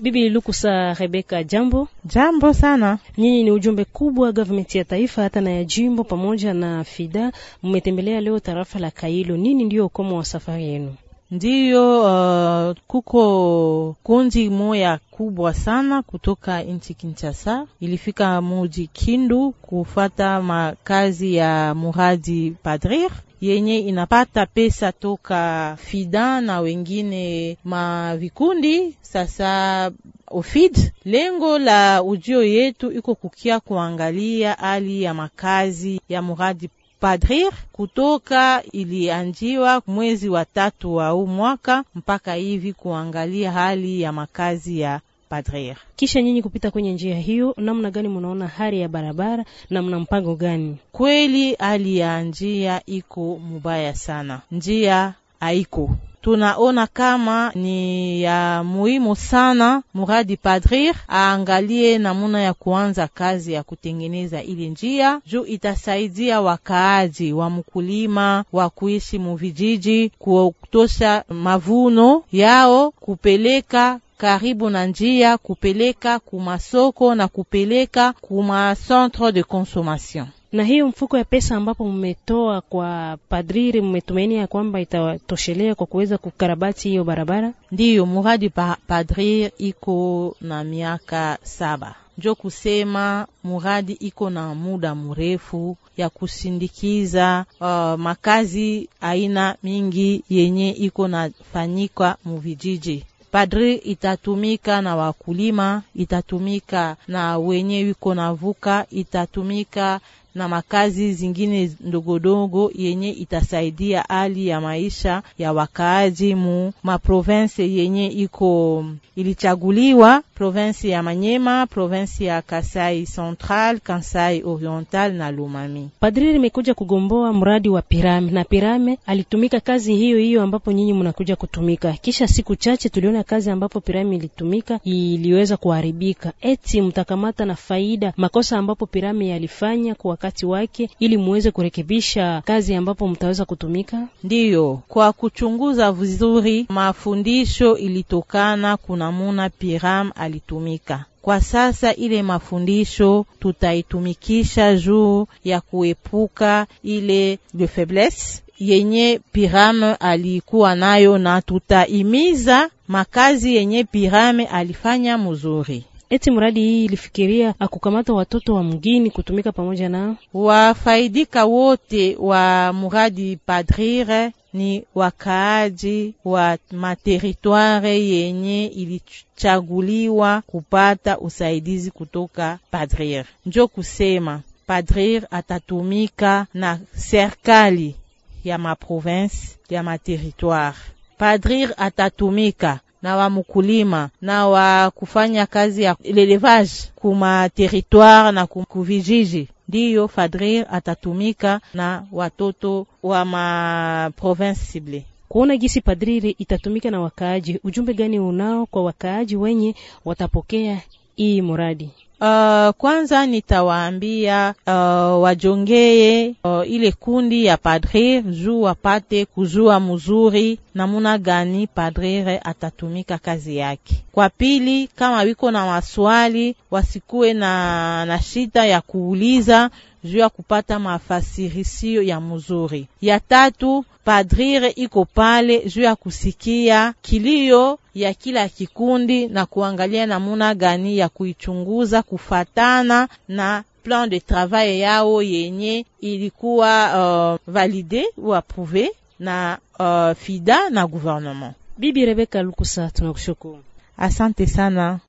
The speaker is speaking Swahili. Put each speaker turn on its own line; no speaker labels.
Bibi Lukusa Rebeka, jambo jambo sana. Nyinyi ni ujumbe kubwa government ya taifa hata na ya jimbo pamoja na FIDA, mmetembelea leo tarafa la Kailo. Nini ndiyo ukomo wa safari yenu? Ndiyo, uh, kuko kundi moya kubwa sana kutoka nchi Kinshasa ilifika muji Kindu kufata makazi ya muradi Padrir yenye inapata pesa toka FIDA na wengine mavikundi sasa OFID. Lengo la ujio yetu iko kukia kuangalia hali ya makazi ya muradi Padrir kutoka ilianjiwa mwezi wa tatu wa huu mwaka mpaka hivi kuangalia hali ya makazi ya Padre. Kisha nyinyi kupita kwenye njia hiyo, namna gani munaona hali ya barabara na mna mpango gani? Kweli hali ya njia iko mubaya sana, njia haiko tunaona kama ni ya muhimu sana muradi Padrir aangalie namuna ya kuanza kazi ya kutengeneza ili njia juu itasaidia wakaaji wa mkulima wa kuishi muvijiji kutosha mavuno yao kupeleka karibu na njia, kupeleka kumasoko na kupeleka kuma centre de consommation na hiyo mfuko ya pesa ambapo mmetoa kwa padriri, mmetumaini ya kwamba itatoshelea kwa kuweza kukarabati hiyo barabara? Ndiyo, muradi pa padriri iko na miaka saba, njo kusema muradi iko na muda mrefu ya kusindikiza uh, makazi aina mingi yenye iko nafanyika muvijiji padri itatumika na wakulima, itatumika na wenye wiko navuka, itatumika na makazi zingine ndogondogo yenye itasaidia hali ya maisha ya wakaaji mu maprovense yenye iko ilichaguliwa: provensi ya Manyema, provensi ya Kasai Central, Kasai Oriental na Lumami. Padri imekuja kugomboa mradi wa Pirame na Pirame alitumika kazi hiyo hiyo ambapo nyinyi mnakuja kutumika. Kisha siku chache tuliona kazi ambapo Pirame ilitumika iliweza kuharibika, eti mtakamata na faida makosa ambapo Pirame yalifanya kwa wakati wake ili muweze kurekebisha kazi ambapo mtaweza kutumika? Ndiyo, kwa kuchunguza vizuri mafundisho ilitokana kunamuna Piram alitumika kwa sasa ile mafundisho tutaitumikisha juu ya kuepuka ile de faiblesse yenye Pirame alikuwa nayo, na tutaimiza makazi yenye Pirame alifanya mzuri eti mradi hii ilifikiria akukamata watoto wa mgini kutumika pamoja nao. Wafaidika wote wa mradi Padrire ni wakaaji wa materitware yenye ilichaguliwa kupata usaidizi kutoka Padrire, njo kusema Padrire atatumika na serikali ya maprovinse ya materitware. Padrire atatumika na wa mukulima na wa kufanya kazi ya lelevage kuma territoire na kuvijiji ndiyo Fadril atatumika na watoto wa ma province cible kuona gisi Padriri itatumika na wakaaji. Ujumbe gani unao kwa wakaaji wenye watapokea hii muradi? Uh, kwanza nitawaambia uh, wajongee uh, ile kundi ya padre juu wapate kuzua mzuri namuna gani padre atatumika kazi yake. Kwa pili, kama wiko na maswali wasikuwe na, na shida ya kuuliza juu ya kupata mafasirisio ya mzuri. Ya tatu, padrire iko pale juu ya kusikia kilio ya kila kikundi na kuangalia namuna gani ya kuichunguza kufatana na plan de travail yao yenye ilikuwa uh, valide ou approuve na uh, FIDA na gouvernement. Bibi Rebeka Lukusa, tunakushukuru. Asante sana.